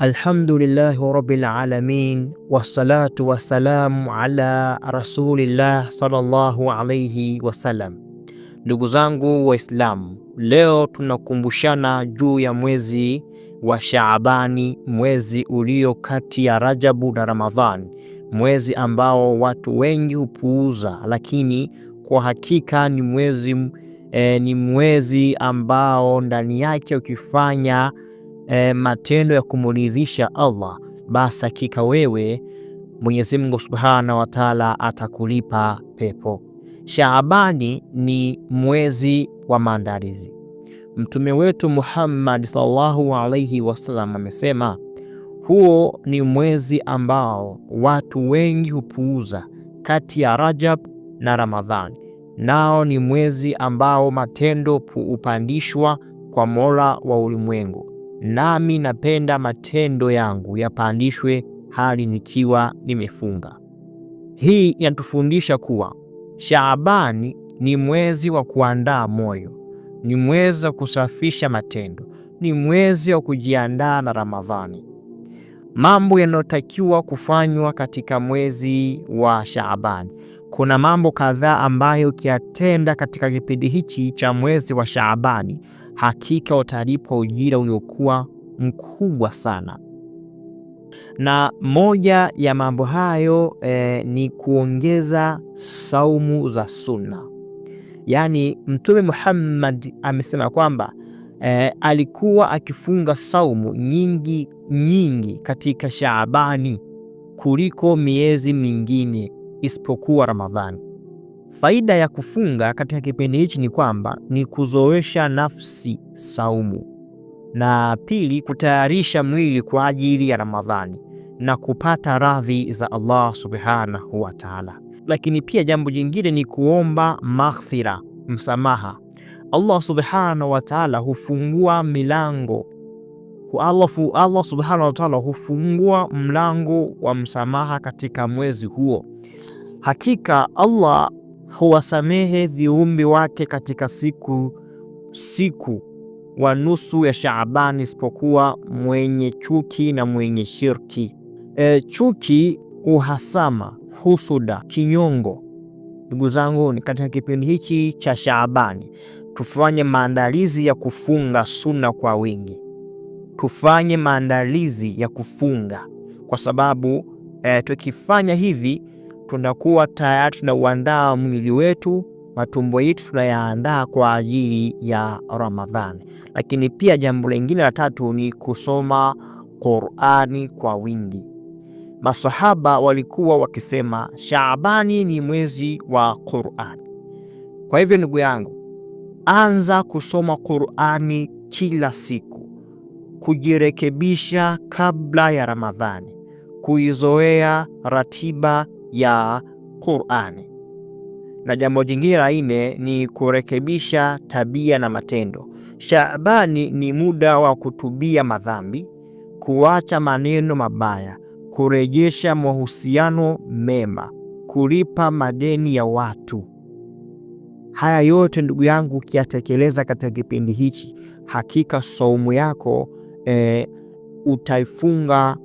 Alhamdulillahi rabbil alamin wassalatu wassalamu ala rasulillah sallallahu alayhi wasallam. Ndugu zangu Waislamu, leo tunakumbushana juu ya mwezi wa Shaabani, mwezi ulio kati ya Rajabu na Ramadhani, mwezi ambao watu wengi hupuuza, lakini kwa hakika ni mwezi, eh, ni mwezi ambao ndani yake ukifanya eh, matendo ya kumuridhisha Allah, basi hakika wewe Mwenyezi Mungu Subhana wa Ta'ala atakulipa pepo. Shaabani ni mwezi wa maandalizi. Mtume wetu Muhammad sallallahu alaihi wasallam amesema huo ni mwezi ambao watu wengi hupuuza kati ya Rajab na Ramadhani, nao ni mwezi ambao matendo hupandishwa kwa Mola wa ulimwengu nami napenda matendo yangu yapandishwe hali nikiwa nimefunga. Hii inatufundisha kuwa Shaabani ni mwezi wa kuandaa moyo, ni mwezi wa kusafisha matendo, ni mwezi wa kujiandaa na Ramadhani. Mambo yanayotakiwa kufanywa katika mwezi wa Shaabani. Kuna mambo kadhaa ambayo ukiyatenda katika kipindi hichi cha mwezi wa Shaabani hakika watalipwa ujira uliokuwa mkubwa sana. Na moja ya mambo hayo e, ni kuongeza saumu za sunna. Yaani Mtume Muhammad amesema kwamba e, alikuwa akifunga saumu nyingi nyingi katika Shaabani kuliko miezi mingine isipokuwa Ramadhani. Faida ya kufunga katika kipindi hichi ni kwamba ni kuzoesha nafsi saumu, na pili, kutayarisha mwili kwa ajili ya Ramadhani na kupata radhi za Allah subhanahu wa taala. Lakini pia jambo jingine ni kuomba maghfira, msamaha. Allah subhanahu wa taala hufungua milango Allah, Allah subhanahu wa taala hufungua mlango wa msamaha katika mwezi huo. Hakika Allah huwasamehe viumbe wake katika siku siku wa nusu ya Shaabani isipokuwa mwenye chuki na mwenye shirki. E, chuki, uhasama, husuda, kinyongo. Ndugu zangu, ni katika kipindi hichi cha Shaabani tufanye maandalizi ya kufunga suna kwa wingi, tufanye maandalizi ya kufunga kwa sababu e, tukifanya hivi tunakuwa tayari tunauandaa mwili wetu, matumbo yetu tunayaandaa kwa ajili ya Ramadhani. Lakini pia jambo lingine la tatu ni kusoma Qurani kwa wingi. Masahaba walikuwa wakisema Shaabani ni mwezi wa Qurani. Kwa hivyo, ndugu yangu, anza kusoma Qurani kila siku, kujirekebisha kabla ya Ramadhani, kuizoea ratiba ya Qur'ani. Na jambo jingine la nne ni kurekebisha tabia na matendo. Shaabani ni muda wa kutubia madhambi, kuacha maneno mabaya, kurejesha mahusiano mema, kulipa madeni ya watu. Haya yote ndugu yangu, ukiyatekeleza katika kipindi hichi, hakika saumu yako e, utaifunga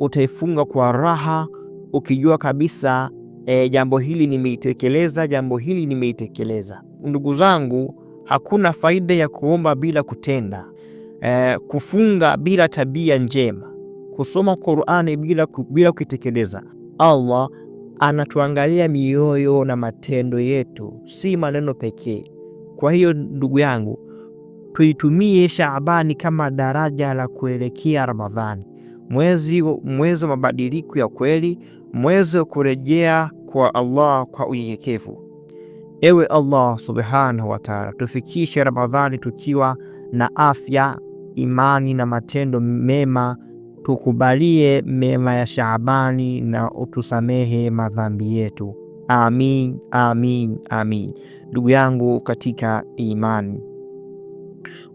utaifunga kwa raha ukijua kabisa e, jambo hili nimeitekeleza, jambo hili nimeitekeleza. Ndugu zangu, hakuna faida ya kuomba bila kutenda, e, kufunga bila tabia njema, kusoma Qur'ani bila, bila kuitekeleza. Allah anatuangalia mioyo na matendo yetu, si maneno pekee. Kwa hiyo ndugu yangu, tuitumie Shaabani kama daraja la kuelekea Ramadhani mwezi, mwezi wa mabadiliko ya kweli, mwezi wa kurejea kwa Allah kwa unyenyekevu. Ewe Allah subhanahu wa taala, tufikishe Ramadhani tukiwa na afya, imani na matendo mema. Tukubalie mema ya Shaabani na utusamehe madhambi yetu. Amin, amin, amin. Ndugu yangu katika imani,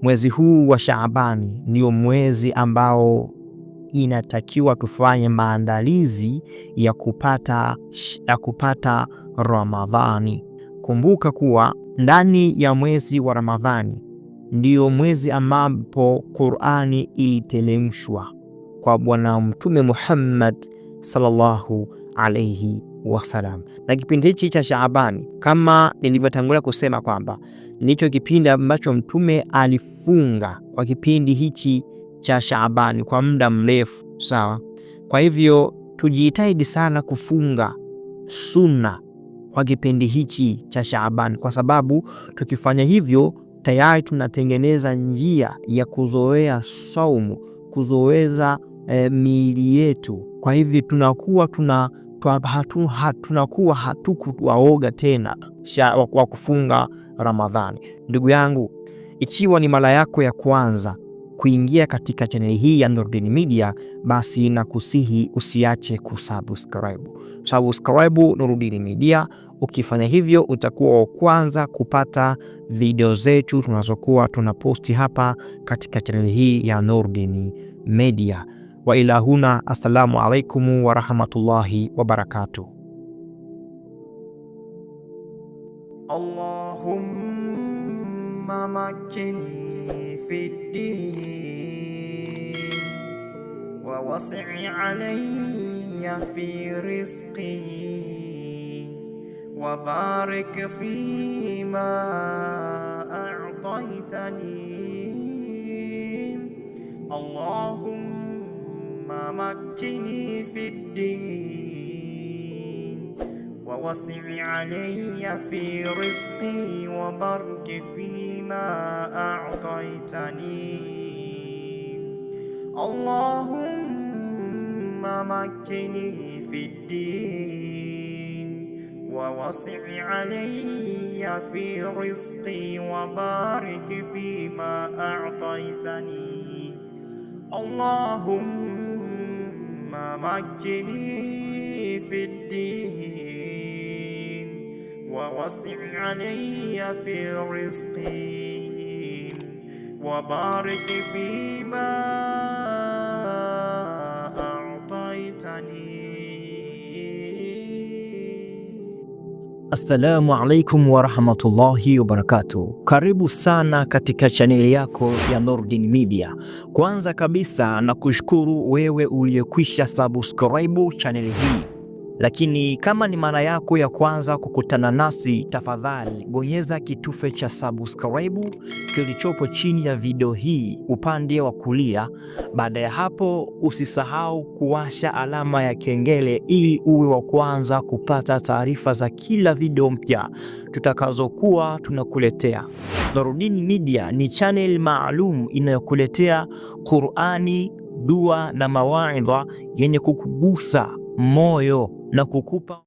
mwezi huu wa Shaabani ndio mwezi ambao inatakiwa tufanye maandalizi ya kupata, ya kupata Ramadhani. Kumbuka kuwa ndani ya mwezi wa Ramadhani ndio mwezi ambapo Qur'ani ilitelemshwa kwa Bwana Mtume Muhammad sallallahu alayhi wasallam, na kipindi hichi cha Shaabani kama nilivyotangulia kusema kwamba ndicho kipindi ambacho Mtume alifunga kwa kipindi hichi cha Shaabani kwa muda mrefu, sawa. Kwa hivyo tujitahidi sana kufunga sunna kwa kipindi hichi cha Shaabani, kwa sababu tukifanya hivyo tayari tunatengeneza njia ya kuzoea saumu, kuzoeza e, miili yetu. Kwa hivyo tunakuwa tuna hatu, tunakuwa hatukuwaoga tena wa kufunga Ramadhani. Ndugu yangu, ikiwa ni mara yako ya kwanza kuingia katika chaneli hii ya Nurdin Media, basi na kusihi usiache kusubscribe. Subscribe Nurdin Media. Ukifanya hivyo utakuwa wa kwanza kupata video zetu tunazokuwa tunaposti hapa katika chaneli hii ya Nurdin Media. Wa ila huna, assalamu alaikum wa rahmatullahi wa barakatuh. Allahumma makini في الدين ووسع علي في رزقي وبارك فيما أعطيتني اللهم مكني في الدين ووسع علي في رزقي وبارك فيما أعطيتني اللهم مكني في الدين ووسع علي في رزقي وبارك فيما أعطيتني اللهم مكني في الدين ووسع علي في رزقي وبارك فيما أعطيتني Assalamu alaikum warahmatullahi wabarakatuh. Karibu sana katika chaneli yako ya Nurdin Media. Kwanza kabisa na kushukuru wewe uliyekwisha subscribe chaneli hii lakini kama ni mara yako ya kwanza kukutana nasi, tafadhali bonyeza kitufe cha subscribe kilichopo chini ya video hii upande wa kulia. Baada ya hapo, usisahau kuwasha alama ya kengele ili uwe wa kwanza kupata taarifa za kila video mpya tutakazokuwa tunakuletea. Nurdin Media ni channel maalum inayokuletea Qur'ani, dua na mawaidha yenye kukugusa moyo na kukupa